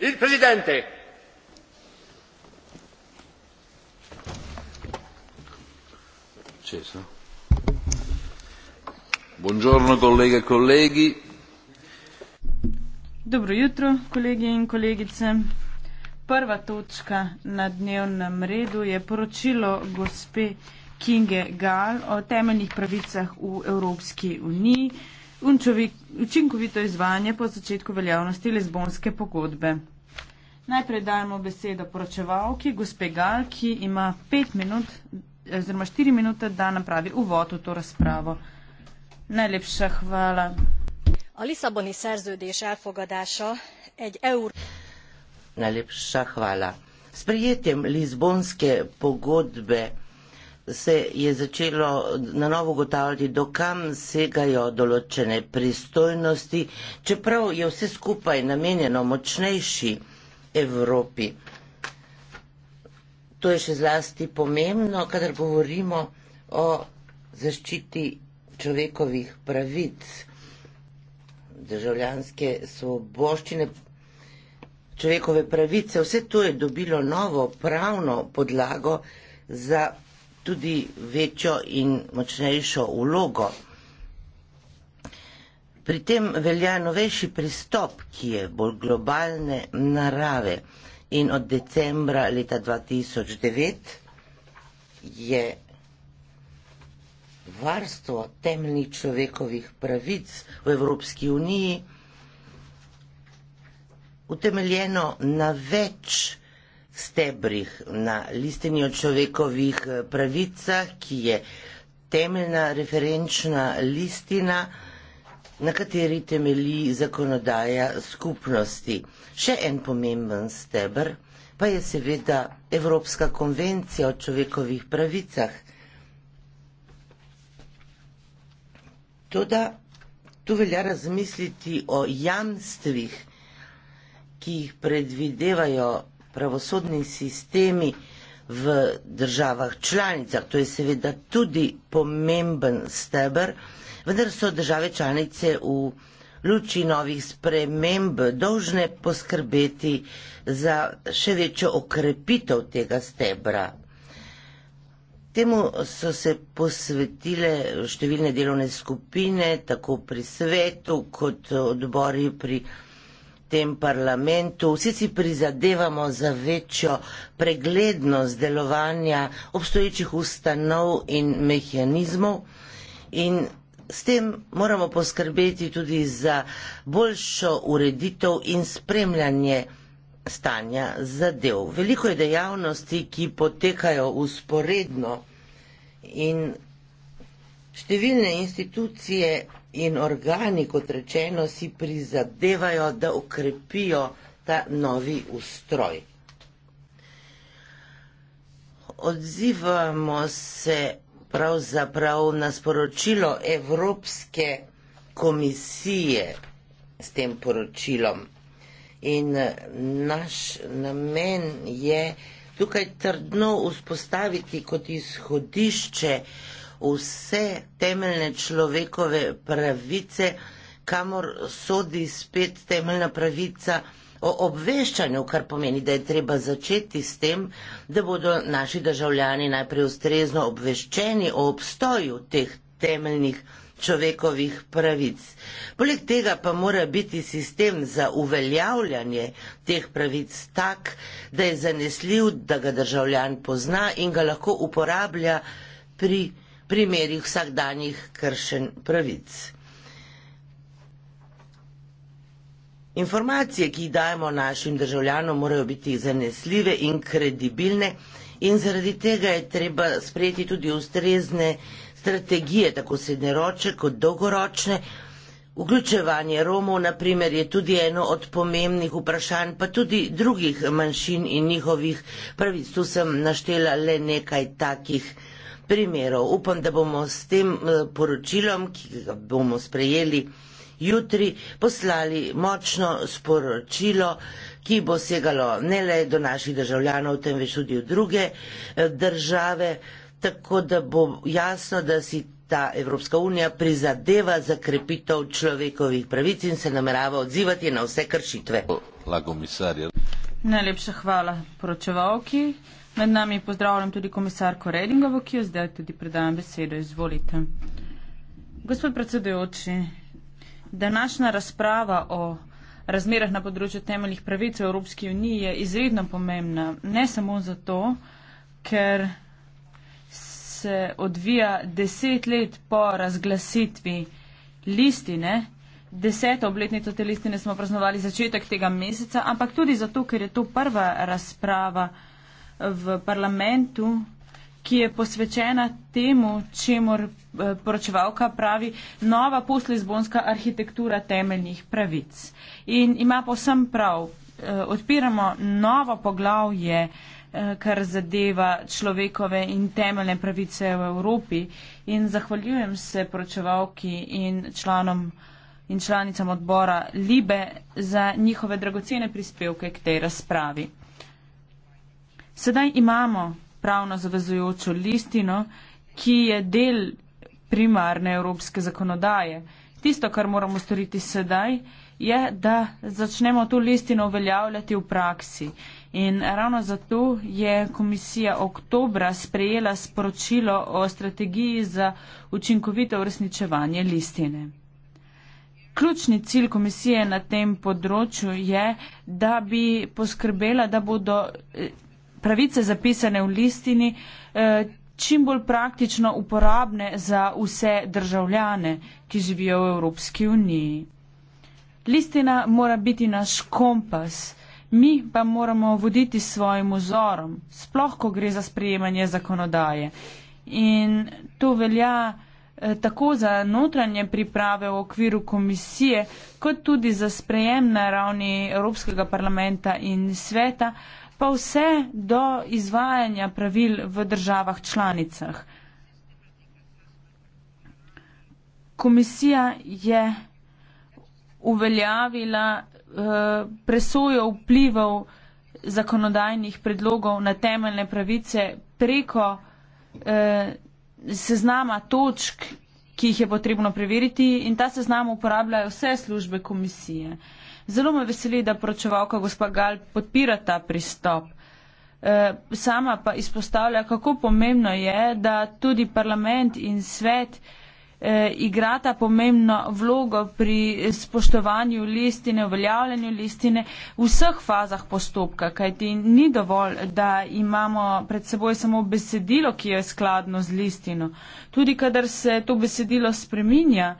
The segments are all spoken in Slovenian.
Il Presidente. Cesare. Buongiorno colleghe e colleghi. Dobro jutro, kolegi in kolegice. Prva točka na dnevnem redu je poročilo gospe Kinge Gal o temeljnih pravicah v Evropski uniji učinkovito izvajanje po začetku veljavnosti Lizbonske pogodbe. Najprej dajemo besedo poročevalki, gospe Gal, ki ima pet minut oziroma štiri minute, da napravi uvod v to razpravo. Najlepša hvala. A Lisaboni szerződés elfogadása egy EU... Najlepša hvala. S prijetjem Lizbonske pogodbe se je začelo na novo ugotavljati, dokam segajo določene pristojnosti, čeprav je vse skupaj namenjeno močnejši Evropi. To je še zlasti pomembno, kadar govorimo o zaščiti človekovih pravic, državljanske svoboščine, človekove pravice. Vse to je dobilo novo pravno podlago za tudi večjo in močnejšo vlogo. Pri tem velja novejši pristop, ki je bolj globalne narave in od decembra leta 2009 je varstvo temeljnih človekovih pravic v Evropski uniji utemeljeno na več stebrih na listini o človekovih eh, pravicah, ki je temeljna referenčna listina, na kateri temelji zakonodaja skupnosti. Še en pomemben stebr pa je seveda Evropska konvencija o človekovih pravicah. Toda tu velja razmisliti o jamstvih, ki jih predvidevajo pravosodni sistemi v državah članicah. To je seveda tudi pomemben steber, vendar so države članice v luči novih sprememb dolžne poskrbeti za še večjo okrepitev tega stebra. Temu so se posvetile številne delovne skupine, tako pri svetu kot odbori pri tem parlamentu. Vsi si prizadevamo za večjo preglednost delovanja obstoječih ustanov in mehanizmov in s tem moramo poskrbeti tudi za boljšo ureditev in spremljanje stanja zadev. Veliko je dejavnosti, ki potekajo usporedno in številne institucije in organi, kot rečeno, si prizadevajo, da okrepijo ta novi ustroj. Odzivamo se pravzaprav na sporočilo Evropske komisije s tem poročilom. In naš namen je tukaj trdno vzpostaviti kot izhodišče uh, vse temeljne človekove pravice, kamor sodi spet temeljna pravica o obveščanju, kar pomeni, da je treba začeti s tem, da bodo naši državljani najprej ustrezno obveščeni o obstoju teh temeljnih človekovih pravic. Poleg tega pa mora biti sistem za uveljavljanje teh pravic tak, da je zanesljiv, da ga državljan pozna in ga lahko uporablja pri primerih vsakdanjih kršen pravic. Informacije, ki jih dajemo našim državljanom, morajo biti zanesljive in kredibilne in zaradi tega je treba sprejeti tudi ustrezne strategije, tako srednjeroče kot dolgoročne. Vključevanje Romov, na primer, je tudi eno od pomembnih vprašanj, pa tudi drugih manjšin in njihovih pravic. Tu sem naštela le nekaj takih vprašanj primerov. Upam, da bomo s tem eh, poročilom, ki ga bomo sprejeli jutri, poslali močno sporočilo, ki bo segalo ne le do naših državljanov, temveč tudi v druge eh, države, tako da bo jasno, da si ta Evropska unija prizadeva za krepitev človekovih pravic in se namerava odzivati na vse kršitve. Najlepša hvala poročevalki. Med nami pozdravljam tudi komisarko Redingovo, ki jo zdaj tudi predajam besedo. Izvolite. Gospod predsedujoči, današnja razprava o razmerah na področju temeljnih pravic v Evropski uniji je izredno pomembna. Ne samo zato, ker se odvija deset let po razglasitvi listine. Deseto obletnico te listine smo praznovali začetek tega meseca, ampak tudi zato, ker je to prva razprava v parlamentu, ki je posvečena temu, čemu eh, poročevalka pravi nova poslizbonska arhitektura temeljnih pravic. In ima povsem prav, eh, odpiramo novo poglavje, eh, kar zadeva človekove in temeljne pravice v Evropi. In zahvaljujem se poročevalki in članom in članicam odbora Libe za njihove dragocene prispevke k tej razpravi. Sedaj imamo pravno zavezujočo listino, ki je del primarne evropske zakonodaje. Tisto, kar moramo storiti sedaj, je, da začnemo to listino uveljavljati v praksi. In ravno zato je komisija oktobra sprejela sporočilo o strategiji za učinkovito uresničevanje listine. Ključni cilj komisije na tem področju je, da bi poskrbela, da bodo eh, pravice zapisane v listini eh, čim bolj praktično uporabne za vse državljane, ki živijo v Evropski uniji. Listina mora biti naš kompas, mi pa moramo voditi svojim ozorom, sploh ko gre za sprejemanje zakonodaje. In to velja eh, tako za notranje priprave v okviru komisije, kot tudi za sprejem na ravni Evropskega parlamenta in sveta, pa vse do izvajanja pravil v državah članicah. Komisija je uveljavila eh, presojo vplivov zakonodajnih predlogov na temeljne pravice preko eh, seznama točk, ki jih je potrebno preveriti in ta seznam uporabljajo vse službe komisije. Zelo me veseli, da poročevalka gospa Gal podpira ta pristop. E, sama pa izpostavlja, kako pomembno je, da tudi parlament in svet e, igrata pomembno vlogo pri spoštovanju listine, uveljavljanju listine v vseh fazah postopka, kajti ni dovolj, da imamo pred seboj samo besedilo, ki je skladno z listino. Tudi, kadar se to besedilo spreminja,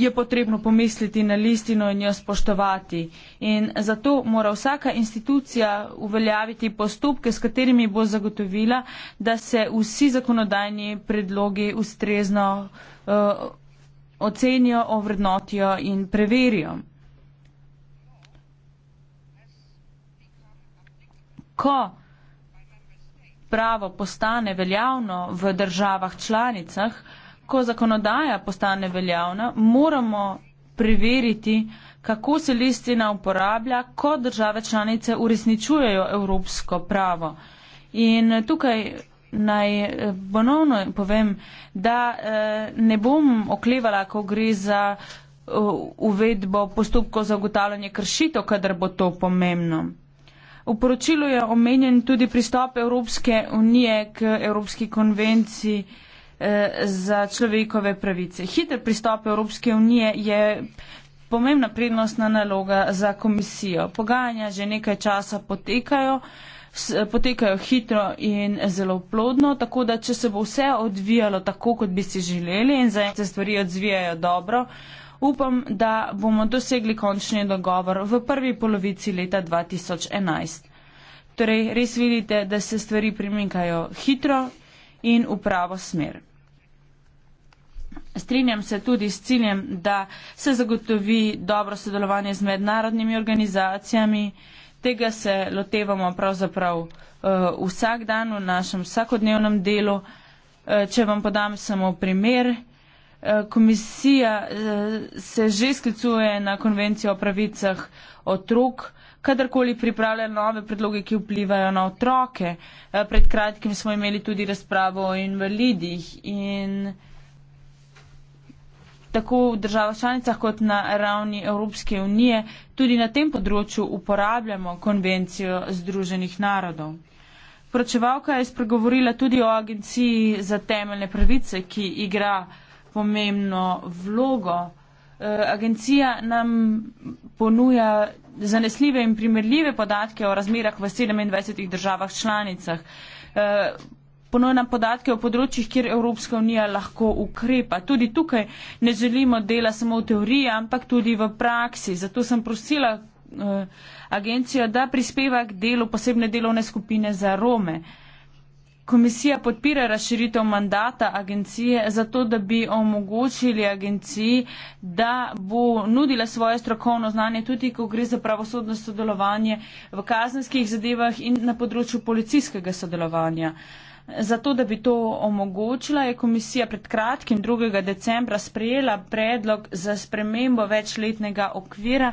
je potrebno pomisliti na listino in jo spoštovati. In zato mora vsaka institucija uveljaviti postopke, s katerimi bo zagotovila, da se vsi zakonodajni predlogi ustrezno uh, ocenijo, ovrednotijo in preverijo. Ko pravo postane veljavno v državah članicah, ko zakonodaja postane veljavna, moramo preveriti, kako se listina uporablja, ko države članice uresničujejo evropsko pravo. In tukaj naj eh, ponovno povem, da eh, ne bom oklevala, ko gre za eh, uvedbo postopkov za ugotavljanje kršitev, kadar bo to pomembno. V poročilu je omenjen tudi pristop Evropske unije k Evropski konvenciji za človekove pravice. Hiter pristop Evropske unije je pomembna prednostna naloga za komisijo. Pogajanja že nekaj časa potekajo, potekajo hitro in zelo plodno, tako da če se bo vse odvijalo tako, kot bi si želeli in zaenkrat se stvari odvijajo dobro, upam, da bomo dosegli končni dogovor v prvi polovici leta 2011. Torej, res vidite, da se stvari premikajo hitro in v pravo smer. Strinjam se tudi s ciljem, da se zagotovi dobro sodelovanje z mednarodnimi organizacijami. Tega se lotevamo pravzaprav uh, vsak dan v našem vsakodnevnem delu. Uh, če vam podam samo primer, uh, komisija uh, se že sklicuje na konvencijo o pravicah otrok, kadarkoli pripravlja nove predloge, ki vplivajo na otroke. Uh, pred kratkim smo imeli tudi razpravo o invalidih in uh, tako v državah članicah kot na ravni Evropske unije, tudi na tem področju uporabljamo konvencijo Združenih narodov. Pročevalka je spregovorila tudi o agenciji za temeljne pravice, ki igra pomembno vlogo. E, agencija nam ponuja zanesljive in primerljive podatke o razmerah v 27 državah članicah. E, ponujena podatke o področjih, kjer Evropska unija lahko ukrepa. Tudi tukaj ne želimo dela samo v teoriji, ampak tudi v praksi. Zato sem prosila uh, agencijo, da prispeva k delu posebne delovne skupine za Rome. Komisija podpira razširitev mandata agencije zato, da bi omogočili agenciji, da bo nudila svoje strokovno znanje tudi, ko gre za pravosodno sodelovanje v kazenskih zadevah in na področju policijskega sodelovanja. Uh, Zato, da bi to omogočila, je komisija pred kratkim 2. decembra sprejela predlog za spremembo večletnega okvira,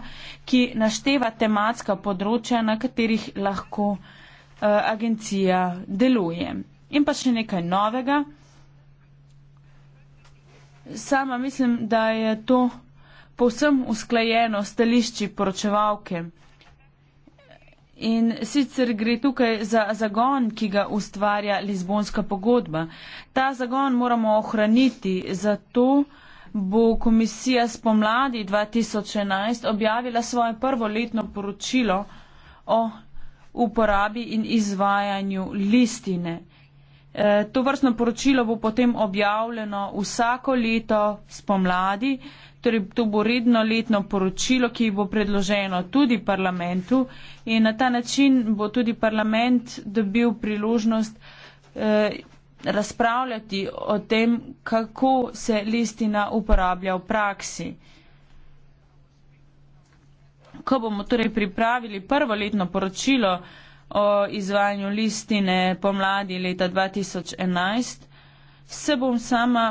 ki našteva tematska področja, na katerih lahko eh, agencija deluje. In pa še nekaj novega. Sama mislim, da je to povsem usklajeno stališči poročevalke. In sicer gre tukaj za zagon, ki ga ustvarja Lizbonska pogodba. Ta zagon moramo ohraniti, zato bo komisija spomladi 2011 objavila svoje prvo letno poročilo o uporabi in izvajanju listine. E, to vrstno poročilo bo potem objavljeno vsako leto spomladi, torej to bo redno letno poročilo, ki bo predloženo tudi parlamentu in na ta način bo tudi parlament dobil priložnost eh, razpravljati o tem, kako se listina uporablja v praksi. Ko bomo torej pripravili prvo letno poročilo o izvajanju listine pomladi leta 2011, se bom sama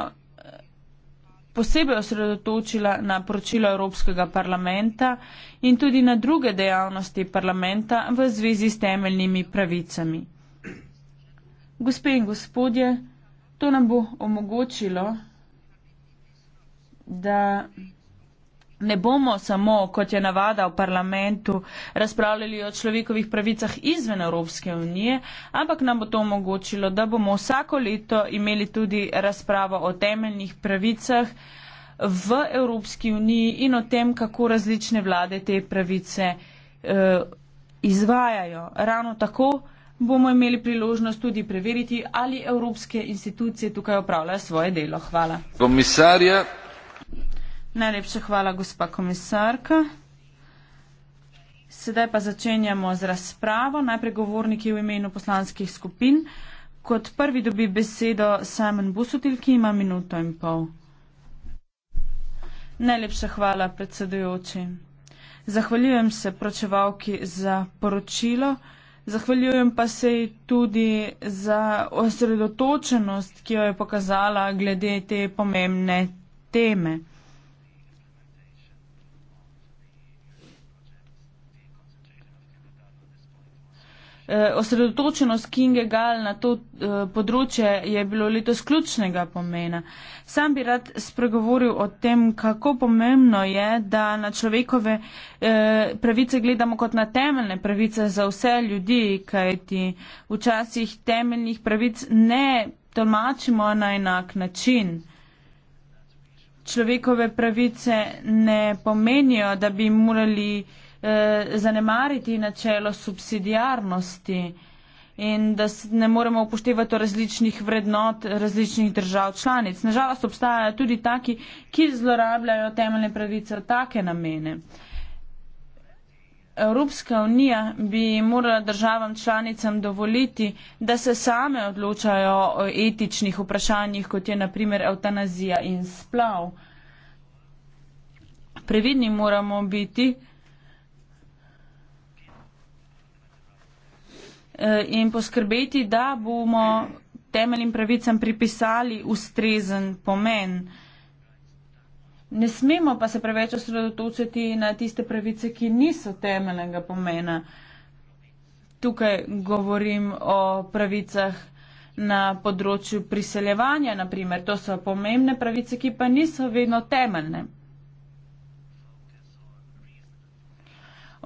posebej osredotočila na poročilo Evropskega parlamenta in tudi na druge dejavnosti parlamenta v zvezi s temeljnimi pravicami. Gospe in gospodje, to nam bo omogočilo, da ne bomo samo, kot je navada v parlamentu, razpravljali o človekovih pravicah izven Evropske unije, ampak nam bo to omogočilo, da bomo vsako leto imeli tudi razpravo o temeljnih pravicah v Evropski uniji in o tem, kako različne vlade te pravice eh, izvajajo. Ravno tako bomo imeli priložnost tudi preveriti, ali evropske institucije tukaj opravljajo svoje delo. Hvala. Komisarja. Najlepša hvala, gospa komisarka. Sedaj pa začenjamo z razpravo. Najprej govorniki v imenu poslanskih skupin. Kot prvi dobi besedo Simon Busutil, ki ima minuto in pol. Najlepša hvala, predsedujoči. Zahvaljujem se pročevalki za poročilo. Zahvaljujem pa se tudi za osredotočenost, ki jo je pokazala glede te pomembne teme. Eh, osredotočenost Kinge Gal na to eh, področje je bilo letos ključnega pomena. Sam bi rad spregovoril o tem, kako pomembno je, da na človekove eh, pravice gledamo kot na temeljne pravice za vse ljudi, kajti včasih temeljnih pravic ne tolmačimo na enak način. Človekove pravice ne pomenijo, da bi morali uh, Eh, zanemariti načelo subsidijarnosti in da ne moremo upoštevati različnih vrednot različnih držav članic. Nažalost obstajajo tudi taki, ki zlorabljajo temeljne pravice v take namene. Evropska unija bi morala državam članicam dovoliti, da se same odločajo o etičnih vprašanjih, kot je naprimer eutanazija in splav. Previdni moramo biti, Eh, in poskrbeti, da bomo temeljnim pravicam pripisali ustrezen pomen. Ne smemo pa se preveč osredotočiti na tiste pravice, ki niso temeljnega pomena. Tukaj govorim o pravicah na področju priseljevanja, naprimer. To so pomembne pravice, ki pa niso vedno temeljne.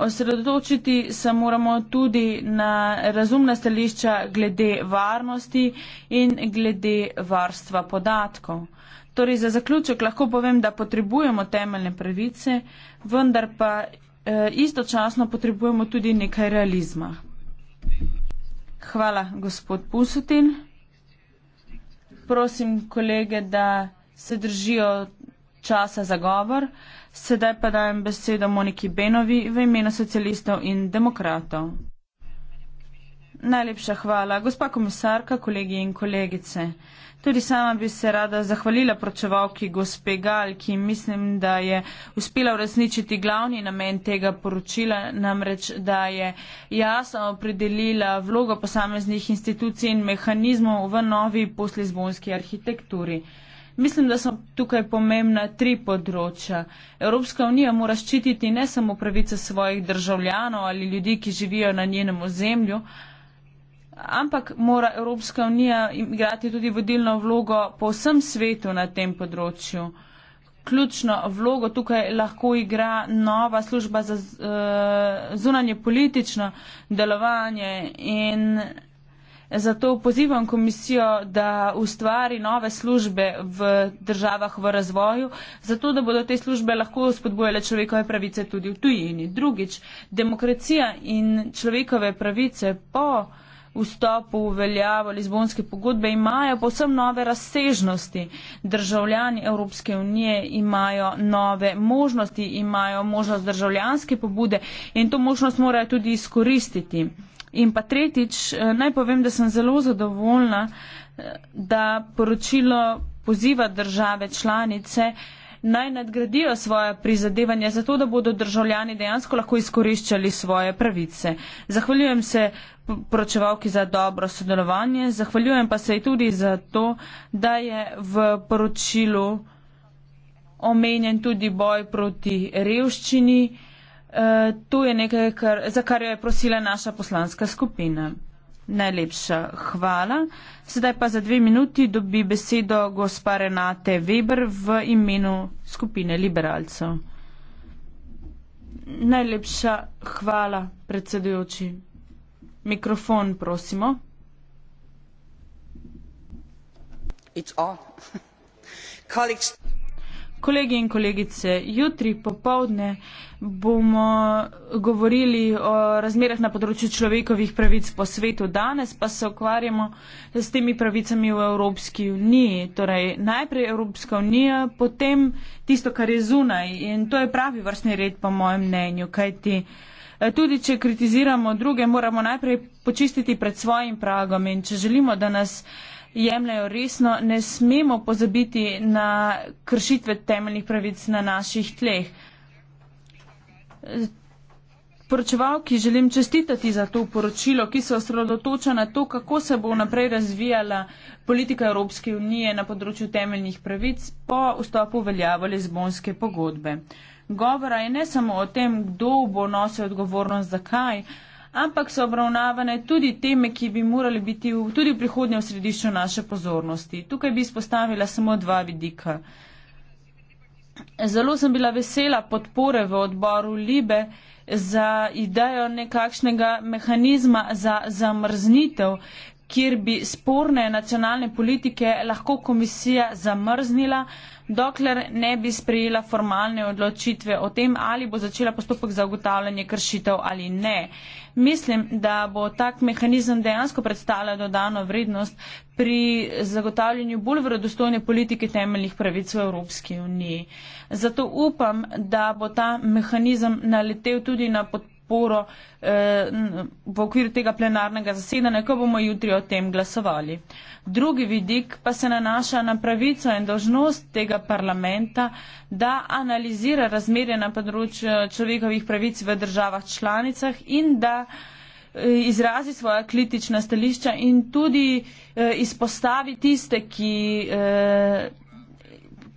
Osredotočiti se moramo tudi na razumna stališča glede varnosti in glede varstva podatkov. Torej, za zaključek lahko povem, da potrebujemo temeljne pravice, vendar pa eh, istočasno potrebujemo tudi nekaj realizma. Hvala, gospod Pusutin. Prosim kolege, da se držijo časa za govor. Sedaj pa dajem besedo Moniki Benovi v imenu socialistov in demokratov. Najlepša hvala. Gospa komisarka, kolegi in kolegice, tudi sama bi se rada zahvalila pročevalki gospe Gal, ki mislim, da je uspela uresničiti glavni namen tega poročila, namreč, da je jasno opredelila vlogo posameznih institucij in mehanizmov v novi poslizbonski arhitekturi. Mislim, da so tukaj pomembna tri področja. Evropska unija mora ščititi ne samo pravice svojih državljanov ali ljudi, ki živijo na njenem ozemlju, ampak mora Evropska unija igrati tudi vodilno vlogo po vsem svetu na tem področju. Ključno vlogo tukaj lahko igra nova služba za eh, zunanje politično delovanje in Zato pozivam komisijo, da ustvari nove službe v državah v razvoju, zato da bodo te službe lahko spodbojale človekove pravice tudi v tujini. Drugič, demokracija in človekove pravice po vstopu v veljavo Lizbonske pogodbe imajo povsem nove razsežnosti. Državljani Evropske unije imajo nove možnosti, imajo možnost državljanske pobude in to možnost morajo tudi izkoristiti. In pa tretjič, eh, naj povem, da sem zelo zadovoljna, eh, da poročilo poziva države članice naj nadgradijo svoje prizadevanje, zato da bodo državljani dejansko lahko izkoriščali svoje pravice. Zahvaljujem se poročevalki za dobro sodelovanje, zahvaljujem pa se tudi za to, da je v poročilu omenjen tudi boj proti revščini. Eh, to je nekaj, kar, za kar jo je prosila naša poslanska skupina. Najlepša hvala. Sedaj pa za dve minuti dobi besedo gospa Renate Weber v imenu skupine liberalcev. Najlepša hvala, predsedujoči. Mikrofon, prosimo. It's all. Colleagues, Kolegi in kolegice, jutri popovdne bomo govorili o razmerah na področju človekovih pravic po svetu. Danes pa se ukvarjamo s temi pravicami v Evropski uniji. Torej, najprej Evropska unija, potem tisto, kar je zunaj. In to je pravi vrstni red, po mojem mnenju. Kajti eh, tudi, če kritiziramo druge, moramo najprej počistiti pred svojim pragom. In če želimo, da nas jemljajo resno, ne smemo pozabiti na kršitve temeljnih pravic na naših tleh. Poročevalki želim čestitati za to poročilo, ki se osredotoča na to, kako se bo naprej razvijala politika Evropske unije na področju temeljnih pravic po vstopu veljavo Lizbonske pogodbe. Govora je ne samo o tem, kdo bo nosil odgovornost, zakaj, ampak so obravnavane tudi teme, ki bi morali biti v, tudi v prihodnje v središču naše pozornosti. Tukaj bi izpostavila samo dva vidika. Zelo sem bila vesela podpore v odboru Libe za idejo nekakšnega mehanizma za zamrznitev, kjer bi sporne nacionalne politike lahko komisija zamrznila, dokler ne bi sprejela formalne odločitve o tem, ali bo začela postopek za ugotavljanje kršitev ali ne. Mislim, da bo tak mehanizem dejansko predstavljal dodano vrednost pri zagotavljanju bolj vredostojne politike temeljnih pravic v Evropski uniji. Zato upam, da bo ta mehanizem naletel tudi na podporo podporo eh, v okviru tega plenarnega zasedanja, ko bomo jutri o tem glasovali. Drugi vidik pa se nanaša na pravico in dožnost tega parlamenta, da analizira razmerje na področju človekovih pravic v državah članicah in da eh, izrazi svoja kritična stališča in tudi eh, izpostavi tiste, ki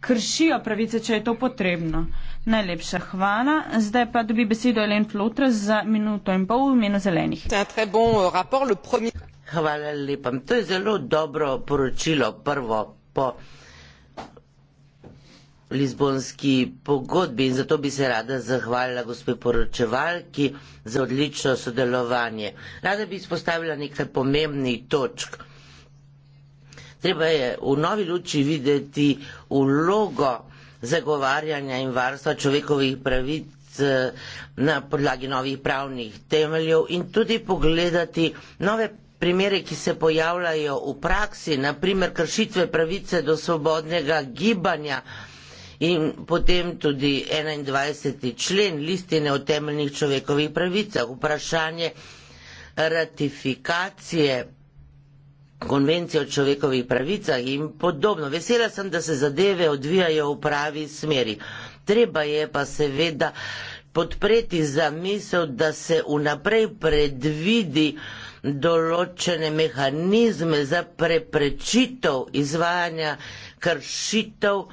kršijo pravice, če je to potrebno. Najlepša hvala. Zdaj pa dobi besedo Elen Flotra za minuto in pol v imenu zelenih. Euh, hvala lepa. To je zelo dobro poročilo. Prvo po Lizbonski pogodbi in zato bi se rada zahvalila gospe poročevalki za odlično sodelovanje. Rada bi izpostavila nekaj pomembnih točk. Treba je v novi luči videti vlogo zagovarjanja in varstva človekovih pravic eh, na podlagi novih pravnih temeljev in tudi pogledati nove primere, ki se pojavljajo v praksi, naprimer kršitve pravice do svobodnega gibanja in potem tudi 21. člen listine o temeljnih človekovih pravicah, vprašanje ratifikacije konvencijo o človekovih pravicah in podobno. Vesela sem, da se zadeve odvijajo v pravi smeri. Treba je pa seveda podpreti zamisel, da se vnaprej predvidi določene mehanizme za preprečitev izvajanja kršitev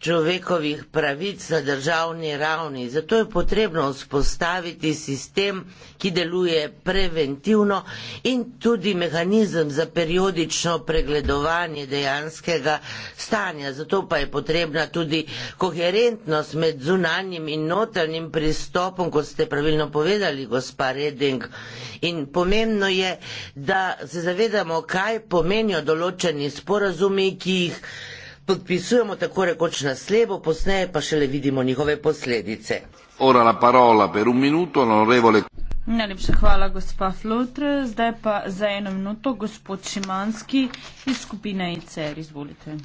človekovih pravic na državni ravni. Zato je potrebno vzpostaviti sistem, ki deluje preventivno in tudi mehanizem za periodično pregledovanje dejanskega stanja. Zato pa je potrebna tudi koherentnost med zunanjim in notranjim pristopom, kot ste pravilno povedali, gospa Reding. In pomembno je, da se zavedamo, kaj pomenijo določeni sporazumi, ki jih podpisujemo tako rekoč na slebo, posneje pa šele vidimo njihove posledice. Najlepša hvala, gospa Flotr. Zdaj pa za eno minuto gospod Šimanski iz skupine ICR. Izvolite.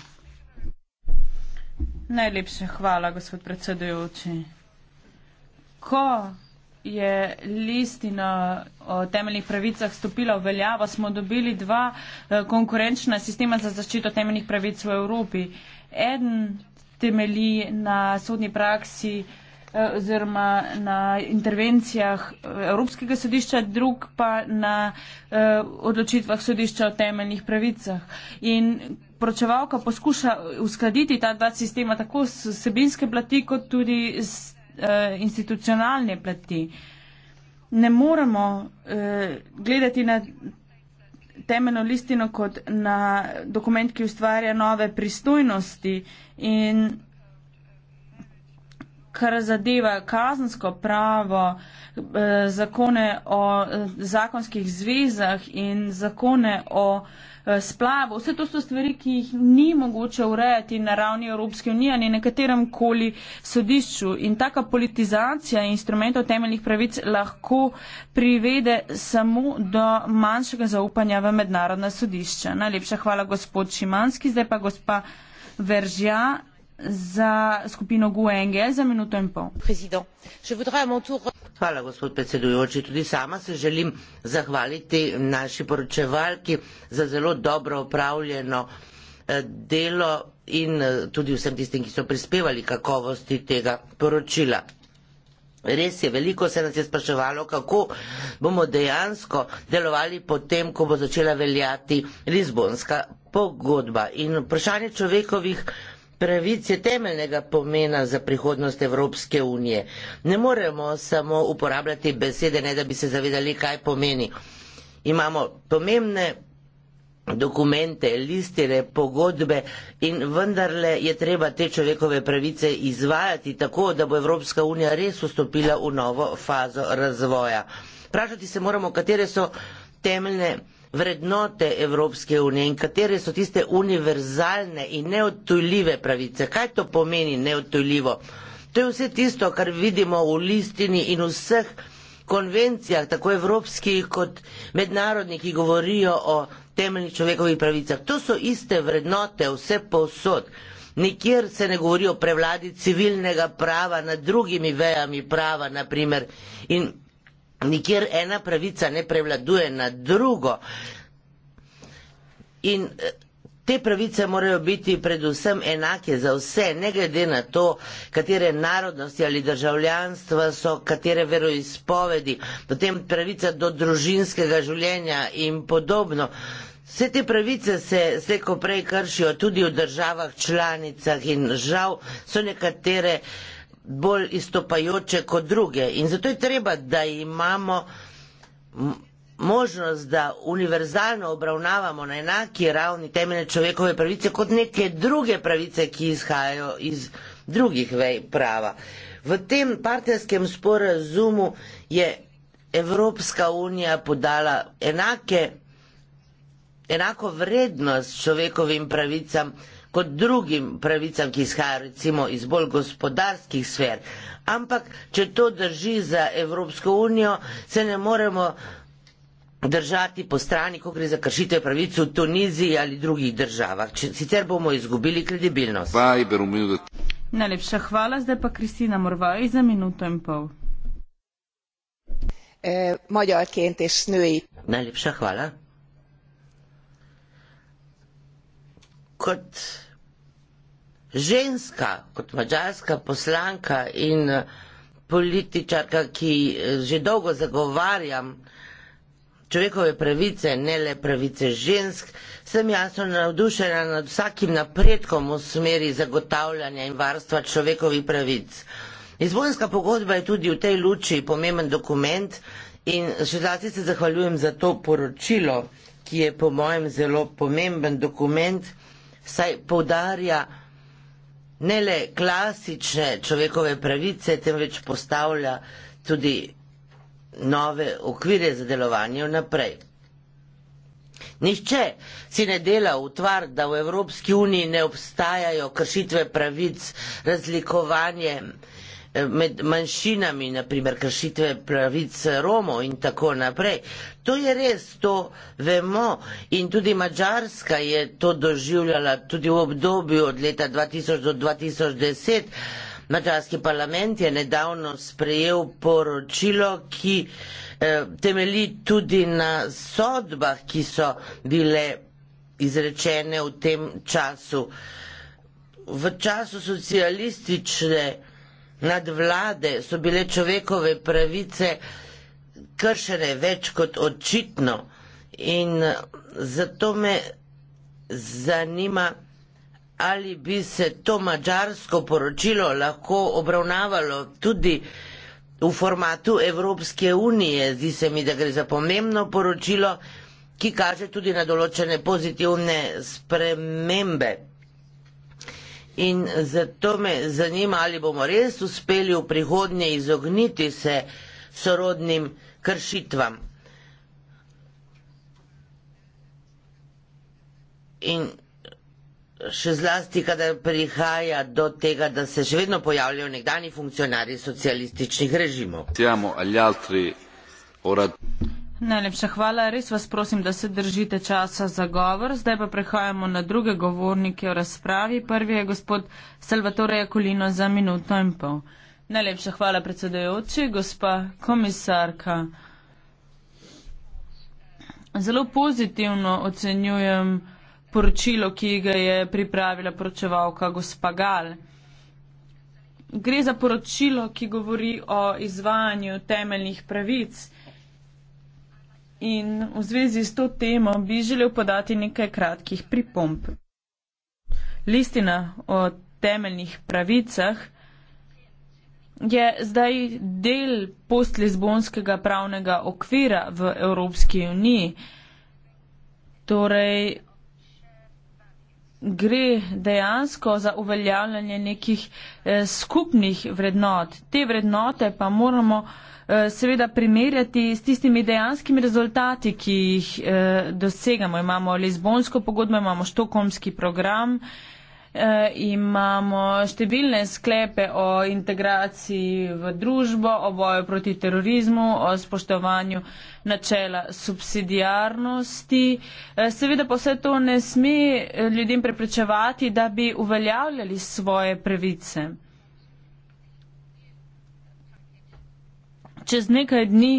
Najlepša hvala, gospod predsedujoči. Ko je listina o temeljnih pravicah stopila v veljavo, smo dobili dva eh, konkurenčna sistema za zaščito temeljnih pravic v Evropi. En temelji na sodni praksi eh, oziroma na intervencijah eh, Evropskega sodišča, drug pa na odločitvah sodišča o temeljnih pravicah. In poročevalka poskuša uskladiti ta dva sistema tako s sebinske plati, kot tudi s uh, institucionalne plati. Ne moramo uh, eh, gledati na temeljno listino kot na dokument, ki ustvarja nove pristojnosti in kar zadeva kazensko pravo, eh, zakone o zakonskih zvezah in zakone o uh, Eh, splav. Vse to so stvari, ki jih ni mogoče urejati na ravni Evropske unije ali nekaterem koli sodišču. In taka politizacija instrumentov temeljnih pravic lahko privede samo do manjšega zaupanja v mednarodna sodišča. Najlepša hvala gospod Šimanski, zdaj pa gospa Veržja za skupino GUE NGL e za minuto in pol. Hvala, gospod predsedujoči. Tudi sama se želim zahvaliti naši poročevalki za zelo dobro opravljeno eh, delo in eh, tudi vsem tistim, ki so prispevali kakovosti tega poročila. Res je, veliko se nas je spraševalo, kako bomo dejansko delovali potem, ko bo začela veljati Lizbonska pogodba. In vprašanje človekovih Pravic je temeljnega pomena za prihodnost Evropske unije. Ne moremo samo uporabljati besede, ne da bi se zavedali, kaj pomeni. Imamo pomembne dokumente, listine, pogodbe in vendarle je treba te človekove pravice izvajati tako, da bo Evropska unija res vstopila v novo fazo razvoja. Prašati se moramo, katere so temeljne vrednote Evropske unije in katere so tiste univerzalne in neotujljive pravice. Kaj to pomeni neotujljivo? To je vse tisto, kar vidimo v listini in vseh konvencijah, tako evropskih kot mednarodnih, ki govorijo o temeljnih človekovih pravicah. To so iste vrednote vse povsod. Nikjer se ne govori o prevladi civilnega prava nad drugimi vejami prava, naprimer. In nikjer ena pravica ne prevladuje na drugo. In eh, te pravice morajo biti predvsem enake za vse, ne glede na to, katere narodnosti ali državljanstva so, katere veroizpovedi, potem pravica do družinskega življenja in podobno. Vse te pravice se sleko prej kršijo tudi v državah članicah in žal so nekatere bolj izstopajoče kot druge. In zato je treba, da imamo možnost, da univerzalno obravnavamo na enaki ravni temeljne človekove pravice kot neke druge pravice, ki izhajajo iz drugih vej prava. V tem partnerskem sporazumu je Evropska unija podala enake, enako vrednost človekovim pravicam, kot drugim pravicam, ki izhajajo recimo iz bolj gospodarskih sfer. Ampak, če to drži za Evropsko unijo, se ne moremo držati po strani, ko gre za kršitev pravic v Tuniziji ali drugih državah. Če, sicer bomo izgubili kredibilnost. Najlepša hvala, zdaj pa Kristina Morvaj za minuto in pol. Eh, magyarként és női. Nelip Sehvala. Kod... Kert ženska, kot mađarska poslanka in eh, političarka, ki eh, že dolgo zagovarjam človekove pravice, ne le pravice žensk, sem jasno navdušena nad vsakim napredkom v smeri zagotavljanja in varstva človekovih pravic. Izbojenska pogodba je tudi v tej luči pomemben dokument in še zlasti se zahvaljujem za to poročilo, ki je po mojem zelo pomemben dokument, saj poudarja, ne le klasične človekove pravice, temveč postavlja tudi nove okvire za delovanje vnaprej. Nihče si ne dela utvar, da v Evropski uniji ne obstajajo kršitve pravic, razlikovanje, med manjšinami, naprimer kršitve pravic Romov in tako naprej. To je res, to vemo in tudi Mačarska je to doživljala tudi v obdobju od leta 2000 do 2010. Mačarski parlament je nedavno sprejel poročilo, ki eh, temeli tudi na sodbah, ki so bile izrečene v tem času. V času socialistične nad vlade so bile človekove pravice kršene več kot očitno. In eh, zato me zanima, ali bi se to mačarsko poročilo lahko obravnavalo tudi v formatu Evropske unije. Zdi se mi, da gre za pomembno poročilo, ki kaže tudi na določene pozitivne spremembe. In zato me zanima, ali bomo res uspeli v prihodnje izogniti se sorodnim kršitvam. In še zlasti, kada prihaja do tega, da se še vedno pojavljajo nekdani funkcionari socialističnih režimov. Siamo agli altri orat... Najlepša hvala. Res vas prosim, da se držite časa za govor. Zdaj pa prehajamo na druge govornike v razpravi. Prvi je gospod Salvatore Jakolino za minuto in pol. Najlepša hvala, predsedajoči, gospa komisarka. Zelo pozitivno ocenjujem poročilo, ki ga je pripravila poročevalka gospa Gal. Gre za poročilo, ki govori o izvajanju temeljnih pravic. In v zvezi s to temo bi želel podati nekaj kratkih pripomp. Listina o temeljnih pravicah je zdaj del postlizbonskega pravnega okvira v Evropski uniji. Torej, gre dejansko za uveljavljanje nekih eh, skupnih vrednot. Te vrednote pa moramo eh, seveda primerjati s tistimi dejanskimi rezultati, ki jih eh, dosegamo. Imamo Lizbonsko pogodbo, imamo Štokomski program, eh, Eh, imamo številne sklepe o integraciji v družbo, o boju proti terorizmu, o spoštovanju načela subsidijarnosti. Eh, seveda pa vse to ne sme ljudem preprečevati, da bi uveljavljali svoje pravice. Čez nekaj dni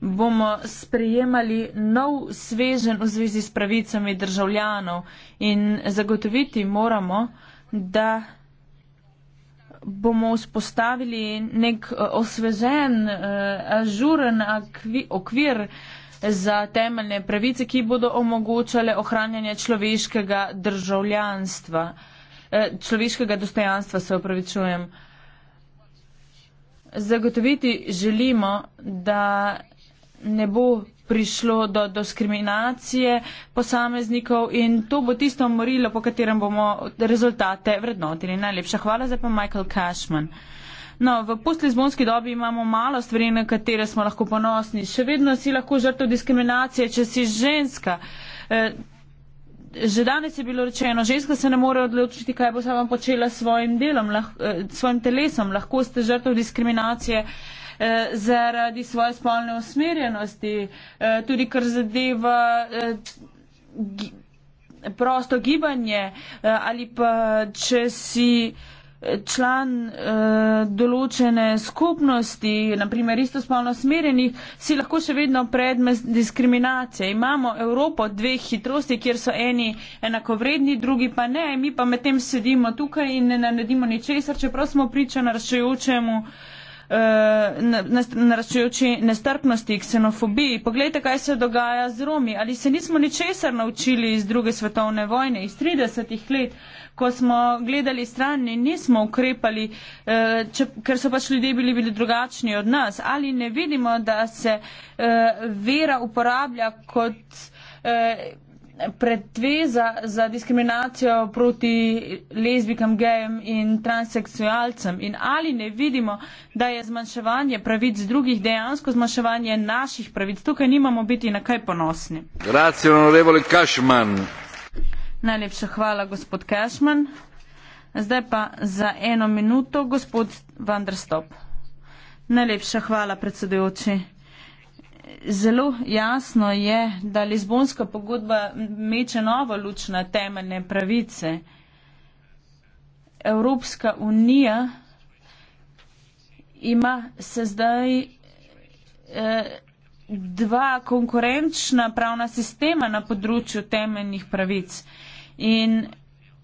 bomo sprejemali nov svežen v zvezi s pravicami državljanov in zagotoviti moramo, da bomo vzpostavili nek eh, osvežen, eh, ažuren okvir za temeljne pravice, ki bodo omogočale ohranjanje človeškega državljanstva, eh, človeškega dostojanstva, se opravičujem. Zagotoviti želimo, da ne bo prišlo do diskriminacije posameznikov in to bo tisto morilo, po katerem bomo rezultate vrednotili. Najlepša hvala za pa Michael Cashman. No, v postlizbonski dobi imamo malo stvari, na katere smo lahko ponosni. Še vedno si lahko žrtev diskriminacije, če si ženska. E, že danes je bilo rečeno, ženska se ne more odločiti, kaj bo sama počela s svojim delom, lah, e, svojim telesom. Lahko ste žrtev diskriminacije. Eh, zaradi svoje spolne usmerjenosti, eh, tudi kar zadeva eh, prosto gibanje ali pa če si član eh, določene skupnosti, naprimer istospolno smerenih, si lahko še vedno predmet diskriminacije. Imamo Evropo dveh hitrosti, kjer so eni enakovredni, drugi pa ne. Mi pa medtem sedimo tukaj in ne naredimo ničesar, čeprav smo priča naraščajočemu eh, Eh, naraščajoči nestrpnosti, ksenofobiji. Poglejte, kaj se dogaja z Romi. Ali se nismo ničesar naučili iz druge svetovne vojne, iz 30-ih let, ko smo gledali stran in nismo ukrepali, eh, če, ker so pač ljudje bili, bili drugačni od nas. Ali ne vidimo, da se eh, vera uporablja kot pretve za, za diskriminacijo proti lezbikam, gejem in transseksualcem in ali ne vidimo, da je zmanjševanje pravic drugih dejansko zmanjševanje naših pravic. Tukaj nimamo biti na kaj ponosni. Najlepša hvala, gospod Kašman. Zdaj pa za eno minuto, gospod Vandrstop. Najlepša hvala, predsedujoči. Zelo jasno je, da Lizbonska pogodba meče novo luč na temeljne pravice. Evropska unija ima se zdaj eh, dva konkurenčna pravna sistema na področju temeljnih pravic. In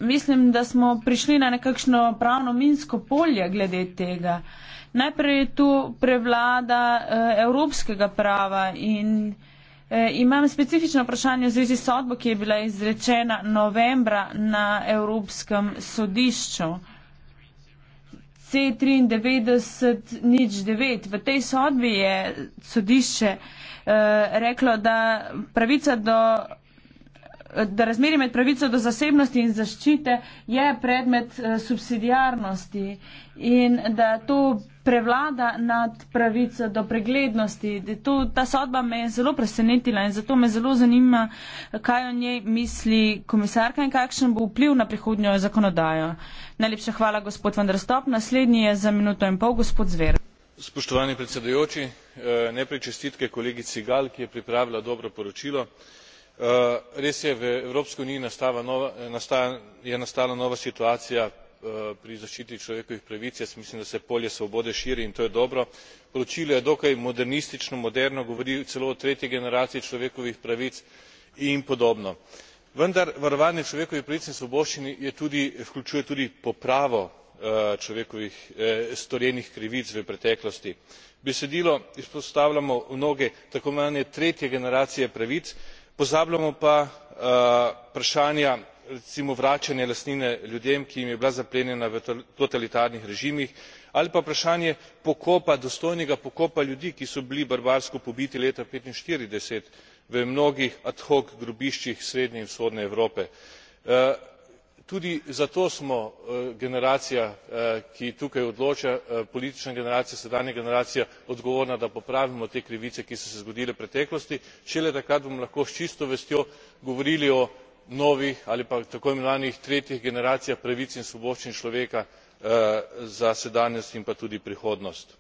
mislim, da smo prišli na nekakšno pravno minsko polje glede tega. Eh, Najprej je tu prevlada eh, evropskega prava in eh, imam specifično vprašanje v zvezi s sodbo, ki je bila izrečena novembra na Evropskem sodišču. C93 nič 9. V tej sodbi je sodišče eh, reklo, da pravica do da razmerje med pravico do zasebnosti in zaščite je predmet eh, subsidijarnosti in da to prevlada nad pravico do preglednosti. To, ta sodba me je zelo presenetila in zato me zelo zanima, kaj o njej misli komisarka in kakšen bo vpliv na prihodnjo zakonodajo. Najlepša hvala, gospod Vandrstop. Naslednji je za minuto in pol gospod Zver. Spoštovani predsedujoči, eh, najprej čestitke kolegici Gal, ki je pripravila dobro poročilo. Eh, res je v evropski uniji eh, je nastala nova situacija eh, pri zaščiti človekovih pravic jaz mislim da se polje svobode širi in to je dobro poročilo je dokaj modernistično moderno govori celo o tretji generaciji človekovih pravic in podobno vendar varovanje človekovih pravic in svoboščin je tudi vključuje tudi popravo človekovih storjenih krivic v preteklosti besedilo izpostavljamo mnoge tako imenovane tretje generacije pravic pozabljamo pa eh, vprašanja recimo vračanja lastnine ljudem ki jim je bila zaplenjena v totalitarnih režimih ali pa vprašanje pokopa dostojnega pokopa ljudi ki so bili barbarsko pobiti leta petinštirideset v mnogih ad hoc grobiščih srednje in vzhodne evrope. Eh, tudi zato smo eh, generacija eh, ki tukaj odloča eh, politična generacija sedanja generacija odgovorna da popravimo te krivice ki so se zgodile v preteklosti šele takrat bomo lahko s čisto vestjo govorili o novih ali pa tako imenovanih tretjih generacijah pravic in svoboščin človeka za sedanjost in pa tudi prihodnost.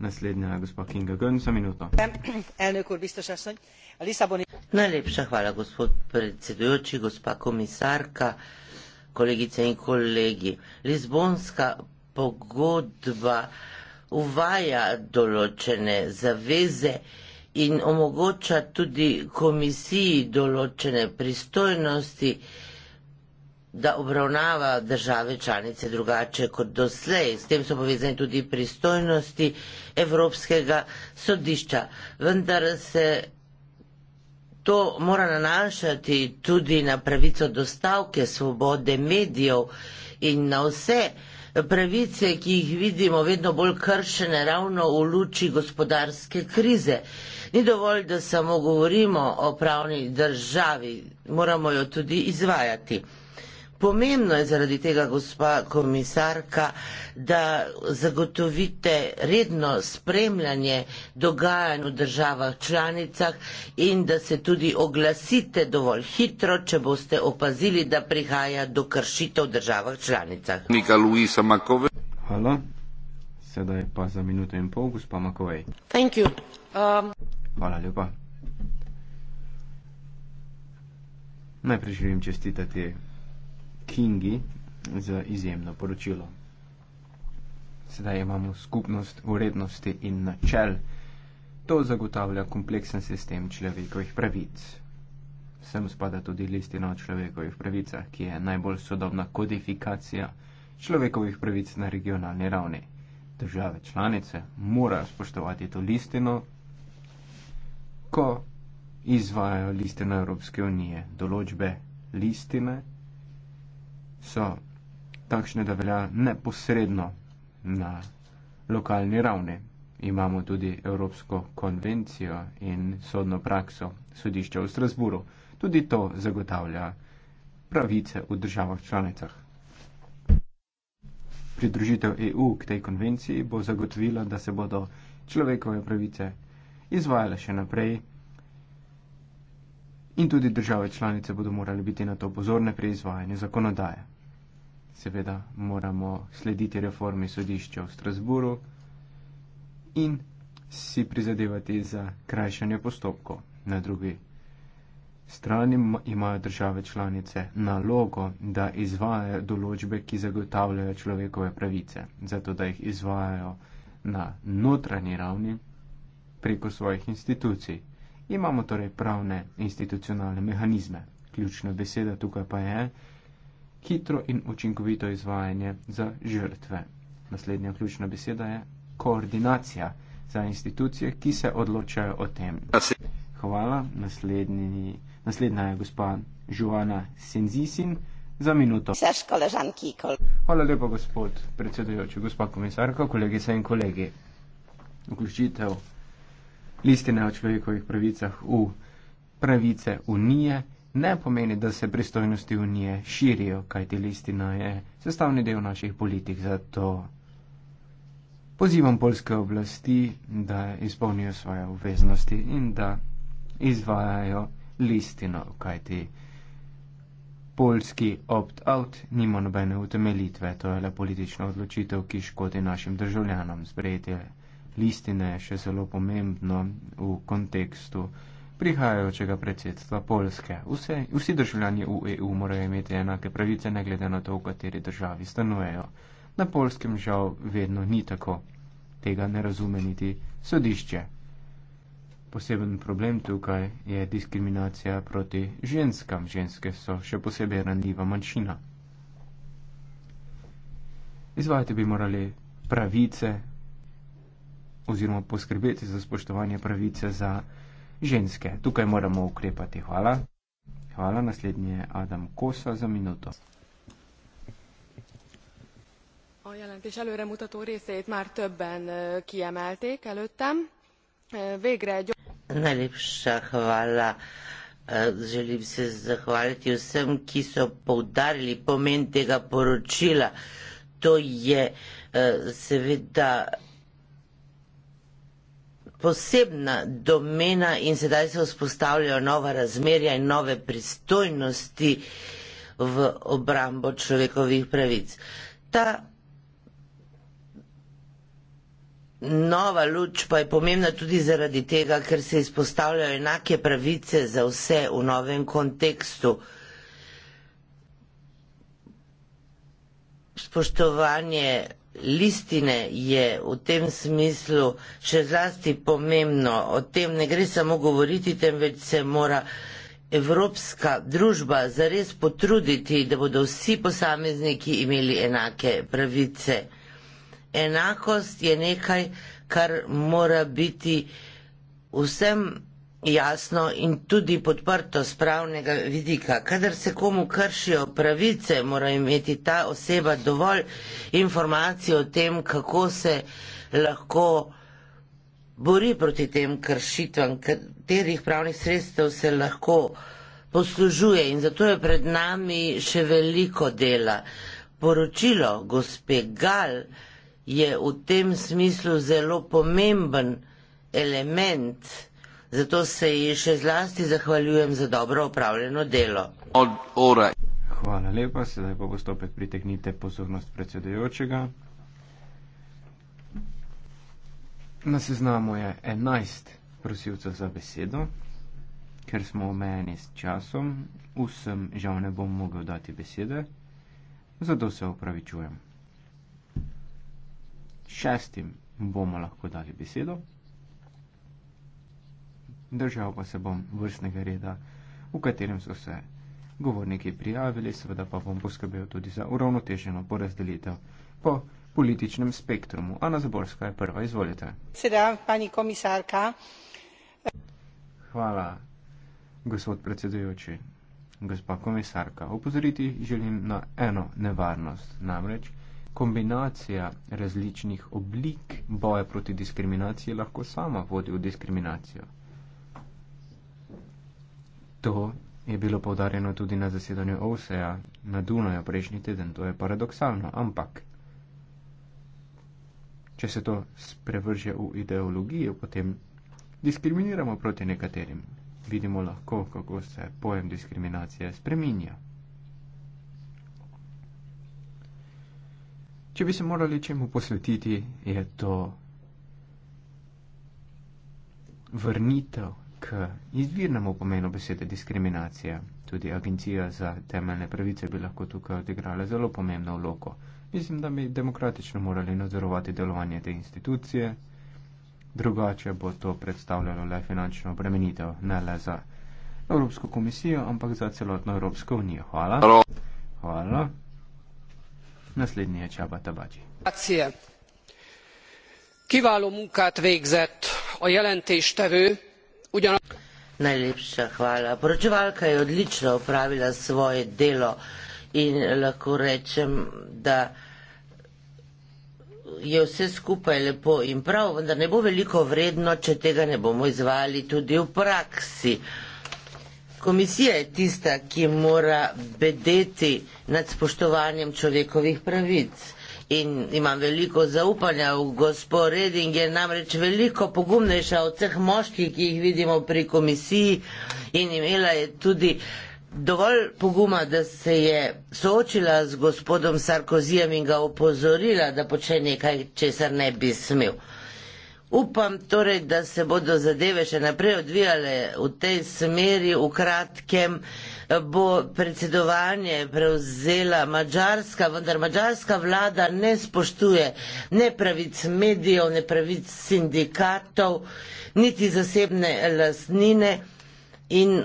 Naslednja gospa Kinga Gön, za minuto. Najlepša hvala, gospod predsedujoči, gospa komisarka, kolegice in kolegi. Lizbonska pogodba uvaja določene zaveze in omogoča tudi komisiji določene pristojnosti, da obravnava države članice drugače kot doslej. S tem so povezani tudi pristojnosti Evropskega sodišča. Vendar se to mora nanašati tudi na pravico dostavke svobode medijev in na vse pravice, ki jih vidimo vedno bolj kršene ravno v luči gospodarske krize. Ni dovolj, da samo govorimo o pravni državi, moramo jo tudi izvajati. Pomembno je zaradi tega, gospa komisarka, da zagotovite redno spremljanje dogajanj v državah članicah in da se tudi oglasite dovolj hitro, če boste opazili, da prihaja do kršitev v državah članicah. Hvala. Sedaj pa za minuto in pol, gospa Makovej. Um... Hvala lepa. Najprej želim čestitati Kingi z izjemno poročilo. Sedaj imamo skupnost vrednosti in načel. To zagotavlja kompleksen sistem človekovih pravic. Sem spada tudi listina o človekovih pravicah, ki je najbolj sodobna kodifikacija človekovih pravic na regionalni ravni. Države članice morajo spoštovati to listino, ko izvajajo listino Evropske unije. Določbe listine so takšne, da velja neposredno na lokalni ravni. Imamo tudi Evropsko konvencijo in sodno prakso sodišča v Strasburu. Tudi to zagotavlja pravice v državah članicah. Pridružitev EU k tej konvenciji bo zagotovila, da se bodo človekove pravice izvajale še naprej in tudi države članice bodo morali biti na to pozorne pri izvajanju zakonodaje. Seveda moramo slediti reformi sodišča v Strasburu in si prizadevati za krajšanje postopkov. Na drugi strani imajo države članice nalogo, da izvajajo določbe, ki zagotavljajo človekove pravice, zato da jih izvajajo na notranji ravni preko svojih institucij. Imamo torej pravne institucionalne mehanizme. Ključna beseda tukaj pa je hitro in učinkovito izvajanje za žrtve. Naslednja ključna beseda je koordinacija za institucije, ki se odločajo o tem. Hvala. Naslednji, naslednja je gospa Joana Senzisin za minuto. Hvala lepa, gospod predsedujoči, gospa komisarka, kolegice in kolegi. Vključitev. Listine o človekovih pravicah v pravice unije ne pomeni, da se pristojnosti unije širijo, kajti listina je sestavni del naših politik. Zato pozivam polske oblasti, da izpolnijo svoje obveznosti in da izvajajo listino, kajti polski opt-out nima nobene utemelitve. To je le politična odločitev, ki škodi našim državljanom sprejeti listine še zelo pomembno v kontekstu prihajajočega predsedstva Polske. Vse, vsi državljani v EU morajo imeti enake pravice, ne glede na to, v kateri državi stanujejo. Na polskem žal vedno ni tako. Tega ne razume niti sodišče. Poseben problem tukaj je diskriminacija proti ženskam. Ženske so še posebej ranljiva manjšina. Izvajati bi morali pravice oziroma poskrbeti za spoštovanje pravice za ženske. Tukaj moramo ukrepati. Hvala. Hvala. Naslednji je Adam Kosa za minuto. Jelentés előre mutató részét már többen kiemelték előttem. Végre egy... Najlepša hvala. Želim se zahvaliti vsem, ki so poudarili pomen tega poročila. To je seveda posebna domena in sedaj se vzpostavljajo nova razmerja in nove pristojnosti v obrambo človekovih pravic. Ta nova luč pa je pomembna tudi zaradi tega, ker se izpostavljajo enake pravice za vse v novem kontekstu. spoštovanje listine je v tem smislu še zlasti pomembno. O tem ne gre samo govoriti, temveč se mora evropska družba zares potruditi, da bodo vsi posamezniki imeli enake pravice. Enakost je nekaj, kar mora biti vsem jasno in tudi podprto z pravnega vidika. Kadar se komu kršijo pravice, mora imeti ta oseba dovolj informacij o tem, kako se lahko bori proti tem kršitvam, katerih pravnih sredstev se lahko poslužuje in zato je pred nami še veliko dela. Poročilo gospe Gal je v tem smislu zelo pomemben element zato se ji še zlasti zahvaljujem za dobro opravljeno delo. Od ora. Hvala lepa, sedaj pa postopek pritegnite pozornost predsedujočega. Na seznamu je 11 prosilcev za besedo, ker smo omejeni s časom, vsem žal ne bom mogel dati besede, zato se opravičujem. Šestim bomo lahko dali besedo držal pa se bom vrstnega reda, v katerem so se govorniki prijavili, seveda pa bom poskrbel tudi za uravnoteženo porazdelitev po političnem spektrumu. Ana Zaborska je prva, izvolite. Sedaj, pani komisarka. Hvala, gospod predsedujoči. Gospa komisarka, opozoriti želim na eno nevarnost, namreč kombinacija različnih oblik boja proti diskriminaciji lahko sama vodi v diskriminacijo. To je bilo povdarjeno tudi na zasedanju OSEA na Dunaju prejšnji teden. To je paradoksalno, ampak če se to sprevrže v ideologijo, potem diskriminiramo proti nekaterim. Vidimo lahko, kako se pojem diskriminacije spreminja. Če bi se morali čemu posvetiti, je to vrnitev k izvirnemu pomenu besede diskriminacija. Tudi Agencija za temeljne pravice bi lahko tukaj odigrala zelo pomembno vlogo. Mislim, da bi demokratično morali nadzorovati delovanje te institucije, drugače bo to predstavljalo le finančno obremenitev, ne le za Evropsko komisijo, ampak za celotno Evropsko unijo. Hvala. Hello. Hvala. Naslednji je Čaba Tabači. Kiváló munkát végzett a jelentéstevő, Ugyanak... Najlepša hvala. Poročevalka je odlično upravila svoje delo in lahko rečem, da je vse skupaj lepo in prav, vendar ne bo veliko vredno, če tega ne bomo izvali tudi v praksi. Komisija je tista, ki mora bedeti nad spoštovanjem človekovih pravic in imam veliko zaupanja v gospod Reding, je namreč veliko pogumnejša od vseh moških, ki jih vidimo pri komisiji in imela je tudi dovolj poguma, da se je soočila z gospodom Sarkozijem in ga opozorila, da počne nekaj, česar ne bi smel. Upam torej, da se bodo zadeve še naprej odvijale v tej smeri. V kratkem bo predsedovanje prevzela Mačarska, vendar mačarska vlada ne spoštuje ne pravic medijev, ne pravic sindikatov, niti zasebne lasnine. In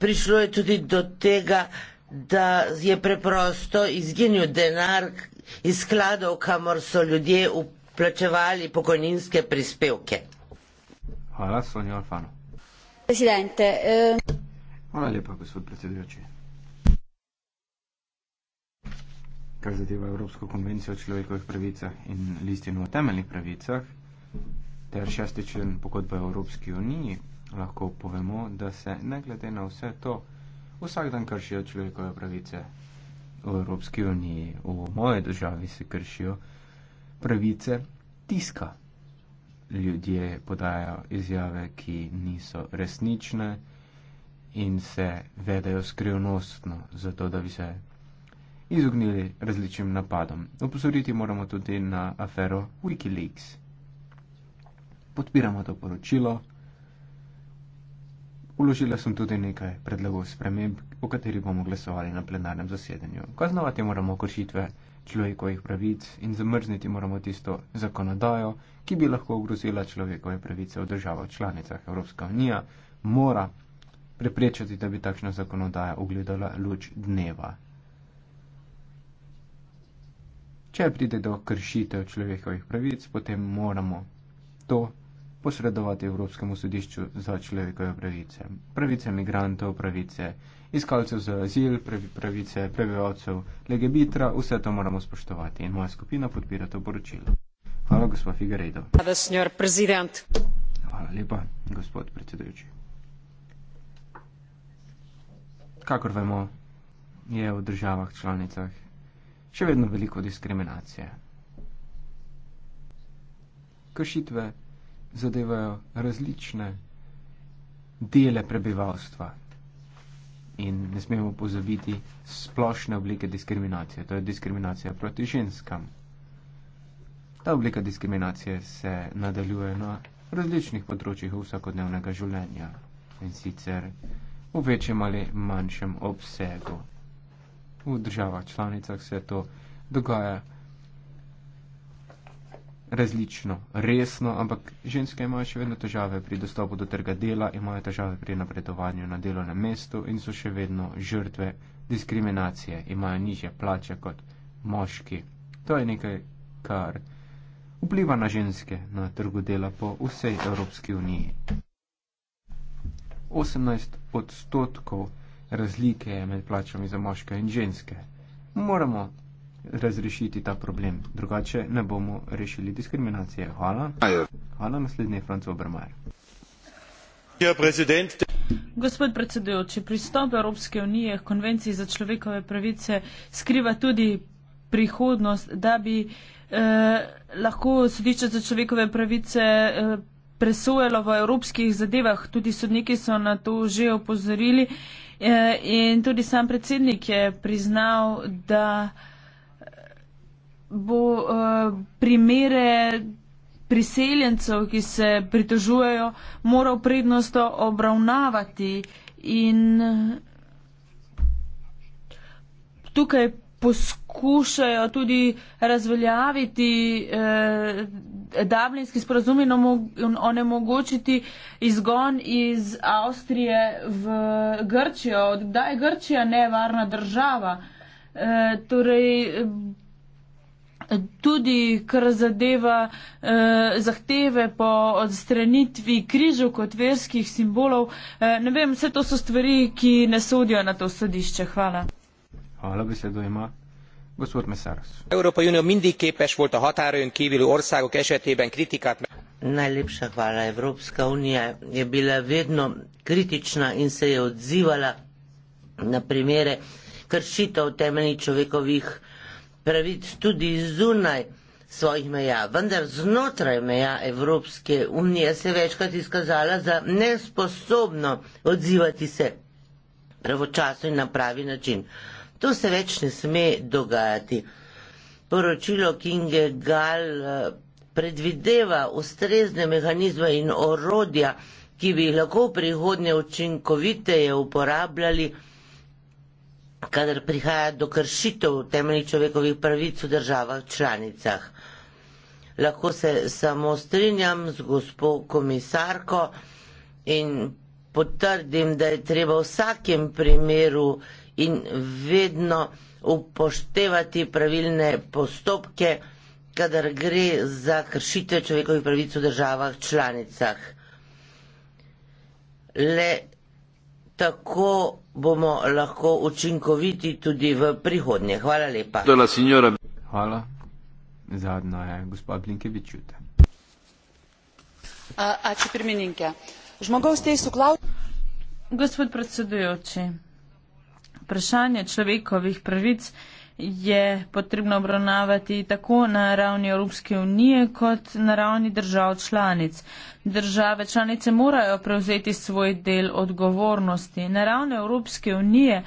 prišlo je tudi do tega, da je preprosto izginil denar, iz skladov, kamor so ljudje uplačevali pokojninske prispevke. Hvala, Sonja Alfano. Presidente. Eh... Hvala lepa, gospod predsedujoči. Kar zadeva Evropsko konvencijo o človekovih pravicah in listino o temeljnih pravicah, ter šesti člen pogodbe o Evropski uniji, lahko povemo, da se ne glede na vse to vsak dan kršijo človekove pravice v Evropski uniji, v moje državi se kršijo pravice tiska. Ljudje podajo izjave, ki niso resnične in se vedajo skrivnostno, zato da bi se izognili različnim napadom. Upozoriti moramo tudi na afero Wikileaks. Podpiramo to poročilo. Uložila sem tudi nekaj predlogov sprememb, o kateri bomo glasovali na plenarnem zasedanju. Kaznovati moramo kršitve človekovih pravic in zamrzniti moramo tisto zakonodajo, ki bi lahko ogrozila človekove pravice v državah članicah Evropske unije, mora preprečati, da bi takšna zakonodaja ugledala luč dneva. Če pride do kršitev človekovih pravic, potem moramo to posredovati Evropskemu sodišču za človekove pravice. Pravice migrantov, pravice iskalcev za azil, pravice prebivalcev Legebitra, vse to moramo spoštovati in moja skupina podpira to poročilo. Hvala, gospod Figaredo. Hvala, gospod predsednik. Hvala lepa, gospod predsedujoči. Kakor vemo, je v državah članicah še vedno veliko diskriminacije. Kršitve zadevajo različne dele prebivalstva. In ne smemo pozabiti splošne oblike diskriminacije, to je diskriminacija proti ženskam. Ta oblika diskriminacije se nadaljuje na različnih področjih vsakodnevnega življenja in sicer v večjem ali manjšem obsegu. V državah članicah se to dogaja različno, resno, ampak ženske imajo še vedno težave pri dostopu do trga dela, imajo težave pri napredovanju na delovnem mestu in so še vedno žrtve diskriminacije, imajo nižje plače kot moški. To je nekaj, kar vpliva na ženske na trgu dela po vsej Evropski uniji. 18 odstotkov razlike je med plačami za moške in ženske. Moramo razrešiti ta problem. Drugače ne bomo rešili diskriminacije. Hvala. Hvala, naslednji je Franco Obermajer. Ja, Gospod predsedujoči, pristop Evropske unije k konvenciji za človekove pravice skriva tudi prihodnost, da bi eh, lahko sodišče za človekove pravice. Eh, presojalo v evropskih zadevah, tudi sodniki so na to že opozorili eh, in tudi sam predsednik je priznal, da bo uh, primere priseljencev, ki se pritožujejo, moral prednostno obravnavati in eh, tukaj poskušajo tudi razveljaviti eh, Dablinski sporazum in onemogočiti izgon iz Avstrije v Grčijo. Da je Grčija nevarna država. Eh, torej, tudi kar zadeva eh, zahteve po odstranitvi križev kot verskih simbolov. Eh, ne vem, vse to so stvari, ki ne sodijo na to sodišče. Hvala. Hvala, besedo ima. Gospod Mesaros. Evropa unija mindig képes volt a határon kívüli országok esetében kritikát. Najlepša hvala. Evropska unija je bila vedno kritična in se je odzivala na primere kršitev temeljnih človekovih pravic tudi zunaj svojih meja, vendar znotraj meja Evropske unije se večkrat izkazala za nesposobno odzivati se pravočasno in na pravi način. To se več ne sme dogajati. Poročilo Kinge Gal eh, predvideva ustrezne mehanizme in orodja, ki bi jih lahko v prihodnje učinkoviteje uporabljali kadar prihaja do kršitev temeljnih človekovih pravic v državah članicah. Lahko se samo strinjam z gospod komisarko in potrdim, da je treba v vsakem primeru in vedno upoštevati pravilne postopke, kadar gre za kršitev človekovih pravic v državah članicah. Le tako bomo lahko učinkoviti tudi v prihodnje. Hvala lepa. Hvala, signora. Hvala. Zadnja je gospa Blinkevič. Ači premeninke. Žmogov ste iz Suklav. Gospod predsedujoči, vprašanje človekovih pravic je potrebno obravnavati tako na ravni Evropske unije kot na ravni držav članic. Države članice morajo prevzeti svoj del odgovornosti. Na ravni Evropske unije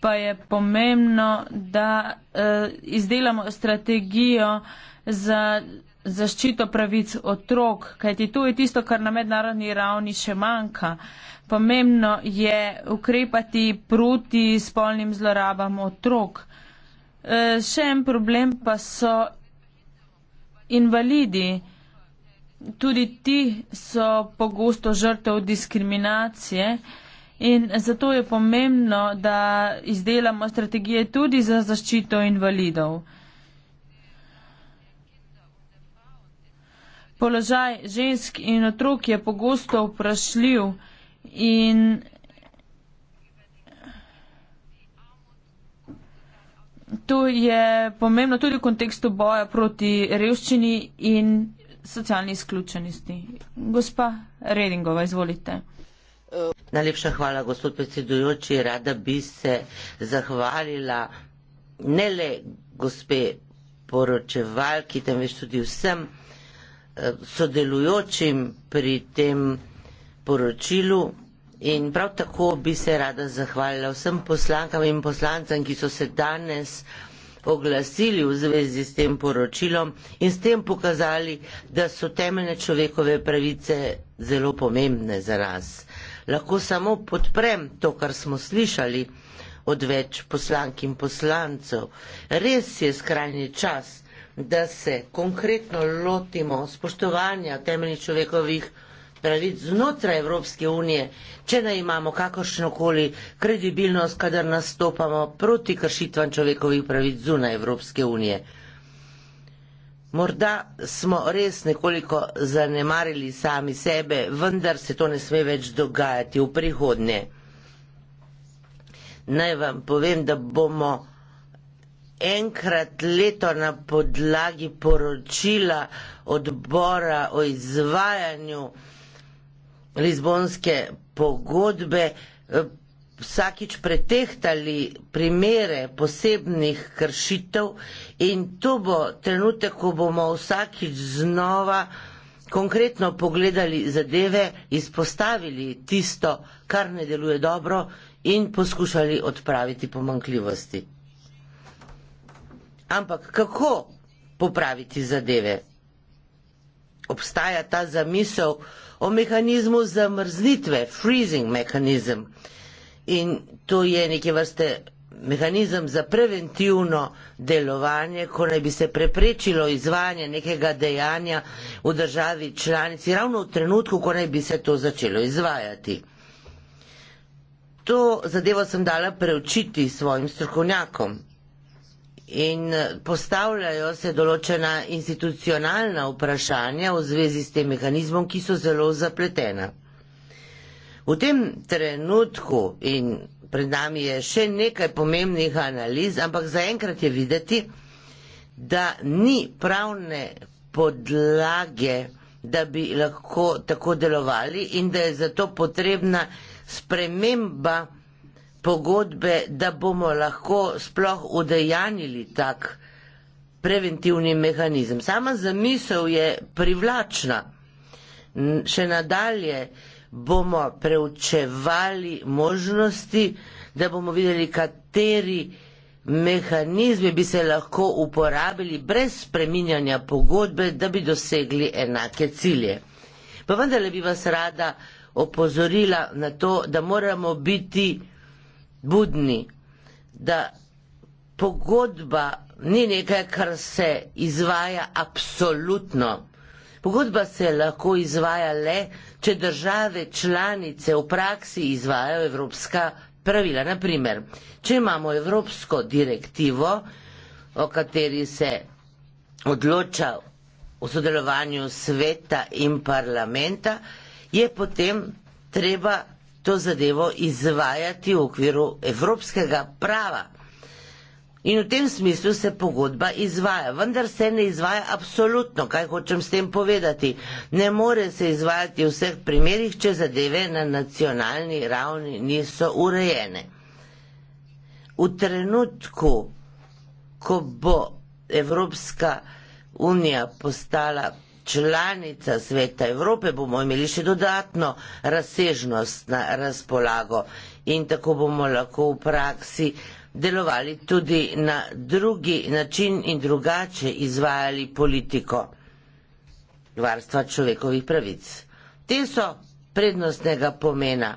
pa je pomembno, da eh, izdelamo strategijo za zaščito pravic otrok, kajti to je tisto, kar na mednarodni ravni še manjka. Pomembno je ukrepati proti spolnim zlorabam otrok. Eh, še en problem pa so invalidi. Tudi ti so pogosto žrtev diskriminacije in zato je pomembno, da izdelamo strategije tudi za zaščito invalidov. Položaj žensk in otrok je pogosto vprašljiv in To je pomembno tudi v kontekstu boja proti revščini in socialni izključenosti. Gospa Redingova, izvolite. Najlepša hvala, gospod predsedujoči. Rada bi se zahvalila ne le gospe poročevalki, temveč tudi vsem eh, sodelujočim pri tem poročilu, In prav tako bi se rada zahvalila vsem poslankam in poslancem, ki so se danes oglasili v zvezi s tem poročilom in s tem pokazali, da so temeljne človekove pravice zelo pomembne za nas. Lahko samo podprem to, kar smo slišali od več poslank in poslancev. Res je skrajni čas, da se konkretno lotimo spoštovanja temeljnih človekovih pravic pravic znotraj Evropske unije, če da imamo kakršnokoli kredibilnost, kadar nastopamo proti kršitvam človekovih pravic zunaj Evropske unije. Morda smo res nekoliko zanemarili sami sebe, vendar se to ne sme več dogajati v prihodnje. Naj vam povem, da bomo enkrat leto na podlagi poročila odbora o izvajanju Lizbonske pogodbe eh, vsakič pretehtali primere posebnih kršitev in to bo trenutek, ko bomo vsakič znova konkretno pogledali zadeve, izpostavili tisto, kar ne deluje dobro in poskušali odpraviti pomankljivosti. Ampak kako popraviti zadeve? Obstaja ta zamisel, o mehanizmu zamrznitve, freezing mehanizem. In to je neke vrste mehanizem za preventivno delovanje, ko naj bi se preprečilo izvajanje nekega dejanja v državi članici, ravno v trenutku, ko naj bi se to začelo izvajati. To zadevo sem dala preučiti svojim strokovnjakom in postavljajo se določena institucionalna vprašanja v zvezi s tem mehanizmom, ki so zelo zapletena. V tem trenutku in pred nami je še nekaj pomembnih analiz, ampak zaenkrat je videti, da ni pravne podlage, da bi lahko tako delovali in da je zato potrebna sprememba pogodbe, da bomo lahko sploh udejanili tak preventivni mehanizem. Sama zamisel je privlačna. Še nadalje bomo preučevali možnosti, da bomo videli, kateri mehanizmi bi se lahko uporabili brez spreminjanja pogodbe, da bi dosegli enake cilje. Pa vendarle bi vas rada opozorila na to, da moramo biti budni, da pogodba ni nekaj, kar se izvaja absolutno. Pogodba se lahko izvaja le, če države članice v praksi izvajajo evropska pravila. Naprimer, če imamo evropsko direktivo, o kateri se odloča o sodelovanju sveta in parlamenta, je potem treba to zadevo izvajati v okviru evropskega prava. In v tem smislu se pogodba izvaja, vendar se ne izvaja absolutno, kaj hočem s tem povedati. Ne more se izvajati v vseh primerjih, če zadeve na nacionalni ravni niso urejene. V trenutku, ko bo Evropska unija postala članica Sveta Evrope bomo imeli še dodatno razsežnost na razpolago in tako bomo lahko v praksi delovali tudi na drugi način in drugače izvajali politiko varstva človekovih pravic. Te so prednostnega pomena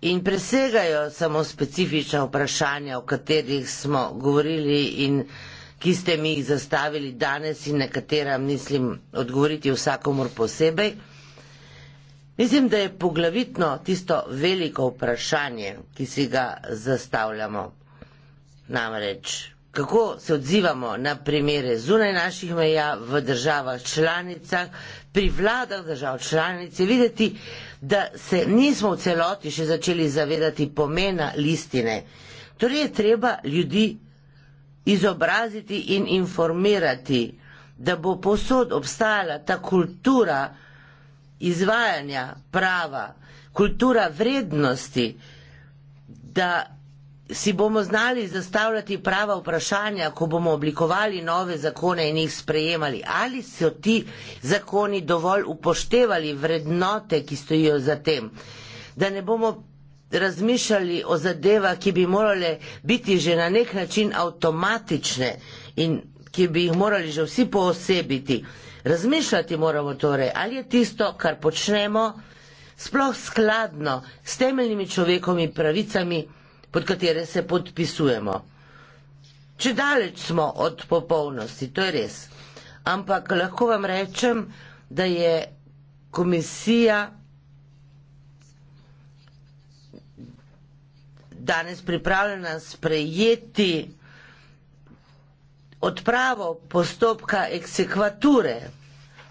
in presegajo samo specifična vprašanja, o katerih smo govorili in vprašali ki ste mi jih zastavili danes in na katera mislim odgovoriti vsakomor posebej. Mislim, da je poglavitno tisto veliko vprašanje, ki si ga zastavljamo. Namreč, kako se odzivamo na primere zunaj naših meja v državah članicah, pri vladah držav članice, videti, da se nismo v celoti še začeli zavedati pomena listine. Torej je treba ljudi izobraziti in informirati, da bo posod obstajala ta kultura izvajanja prava, kultura vrednosti, da si bomo znali zastavljati prava vprašanja, ko bomo oblikovali nove zakone in jih sprejemali. Ali so ti zakoni dovolj upoštevali vrednote, ki stojijo za tem? Da ne bomo razmišljali o zadevah, ki bi morale biti že na nek način avtomatične in ki bi jih morali že vsi poosebiti. Razmišljati moramo torej, ali je tisto, kar počnemo, sploh skladno s temeljnimi človekovimi pravicami, pod katere se podpisujemo. Če daleč smo od popolnosti, to je res. Ampak lahko vam rečem, da je komisija danes pripravljena sprejeti odpravo postopka eksekvature.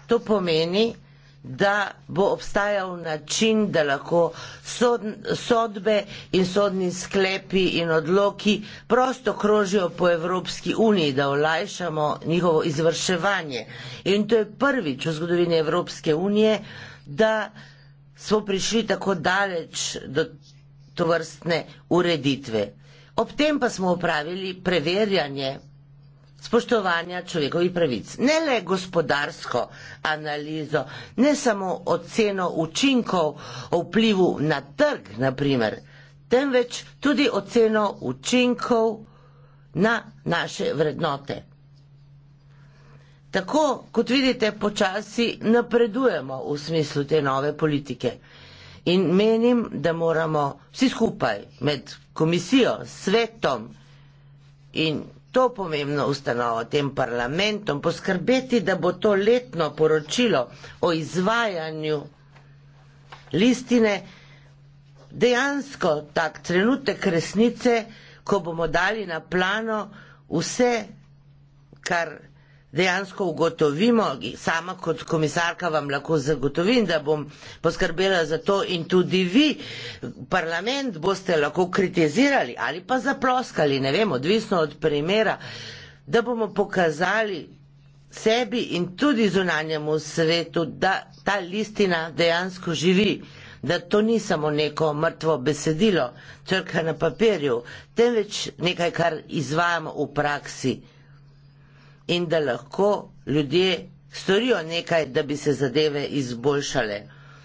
To pomeni, da bo obstajal način, da lahko sod, sodbe in sodni sklepi in odloki prosto krožijo po Evropski uniji, da olajšamo njihovo izvrševanje. In to je prvič v zgodovini Evropske unije, da smo prišli tako daleč do tovrstne ureditve. Ob tem pa smo upravili preverjanje spoštovanja človekovih pravic. Ne le gospodarsko analizo, ne samo oceno učinkov o vplivu na trg, naprimer, temveč tudi oceno učinkov na naše vrednote. Tako, kot vidite, počasi napredujemo v smislu te nove politike. In menim, da moramo vsi skupaj med komisijo, svetom in to pomembno ustanovo, tem parlamentom, poskrbeti, da bo to letno poročilo o izvajanju listine dejansko tak trenutek resnice, ko bomo dali na plano vse, kar dejansko ugotovimo, sama kot komisarka vam lahko zagotovim, da bom poskrbela za to in tudi vi, parlament, boste lahko kritizirali ali pa zaploskali, ne vem, odvisno od primera, da bomo pokazali sebi in tudi zunanjemu svetu, da ta listina dejansko živi da to ni samo neko mrtvo besedilo, črka na papirju, temveč nekaj, kar izvajamo v praksi in da lahko ljudje storijo nekaj, da bi se zadeve izboljšale.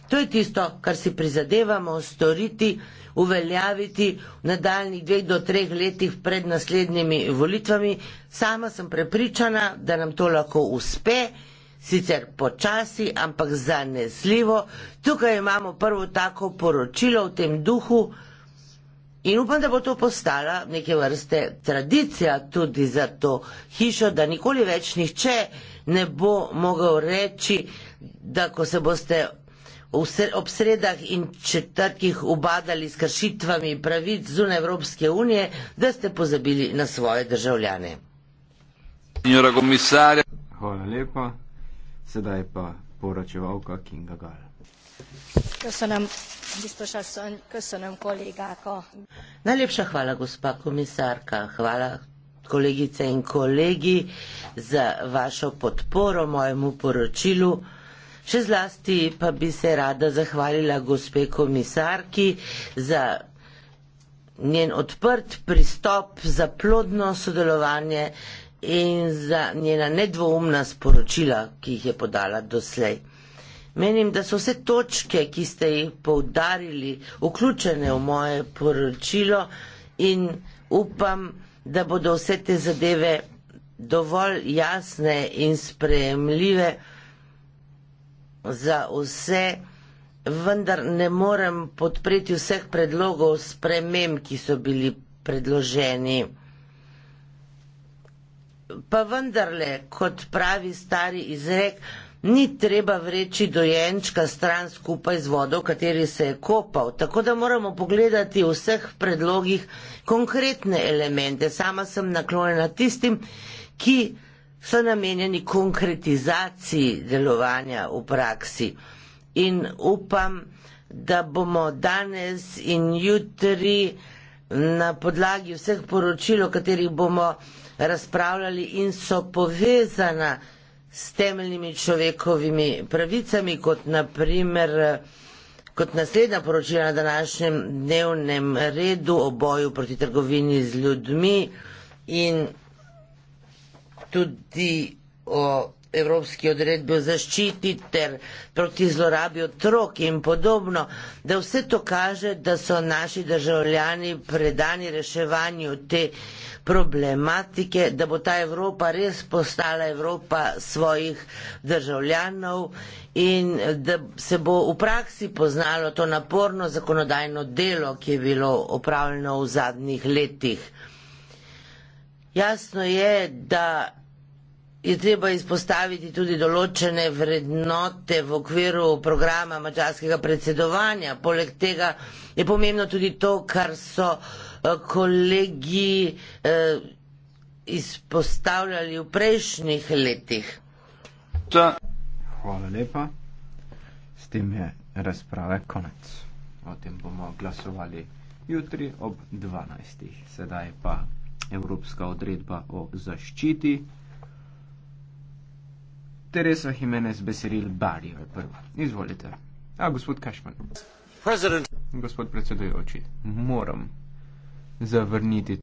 To je tisto, kar si prizadevamo storiti, uveljaviti v nadaljnih dveh do treh letih pred naslednjimi volitvami. Sama sem prepričana, da nam to lahko uspe, sicer počasi, ampak zanesljivo. Tukaj imamo prvo tako poročilo v tem duhu. In upam, da bo to postala neke vrste tradicija tudi za to hišo, da nikoli več nihče ne bo mogel reči, da ko se boste ob sredah in četrtkih ubadali s kršitvami pravic zunaj Evropske unije, da ste pozabili na svoje državljane. Hvala lepa. Sedaj pa poročevalka Kinga Gal biztos asszony, köszönöm kollégák a... Najlepša hvala, gospa komisárka, hvala kolegice in kolegi za vašo podporo mojemu poročilu. Še zlasti pa bi se rada zahvalila gospe komisarki za njen odprt pristop, za plodno sodelovanje in za njena nedvoumna sporočila, ki jih je podala doslej. Menim, da so vse točke, ki ste jih poudarili, vključene v moje poročilo in upam, da bodo vse te zadeve dovolj jasne in sprejemljive za vse, vendar ne morem podpreti vseh predlogov sprememb, ki so bili predloženi pa vendarle, kot pravi stari izrek, ni treba vreči dojenčka stran skupaj z vodo, v kateri se je kopal. Tako da moramo pogledati v vseh predlogih konkretne elemente. Sama sem naklonjena tistim, ki so namenjeni konkretizaciji delovanja v praksi. In upam, da bomo danes in jutri na podlagi vseh poročil, o katerih bomo razpravljali in so povezana s temeljnimi človekovimi pravicami, kot naprimer kot naslednja poročila na današnjem dnevnem redu o boju proti trgovini z ljudmi in tudi o evropski odredbi o zaščiti ter proti zlorabi otrok in podobno, da vse to kaže, da so naši državljani predani reševanju te problematike, da bo ta Evropa res postala Evropa svojih državljanov in da se bo v praksi poznalo to naporno zakonodajno delo, ki je bilo opravljeno v zadnjih letih. Jasno je, da je treba izpostaviti tudi določene vrednote v okviru programa mačarskega predsedovanja. Poleg tega je pomembno tudi to, kar so eh, kolegi eh, izpostavljali v prejšnjih letih. Hvala lepa. S tem je razprave konec. O tem bomo glasovali jutri ob 12. Sedaj pa Evropska odredba o zaščiti. Teresa Jimenez Beseril Barrio je prva. Izvolite. A, gospod Kašman. President. Gospod predsedujoči, moram zavrniti.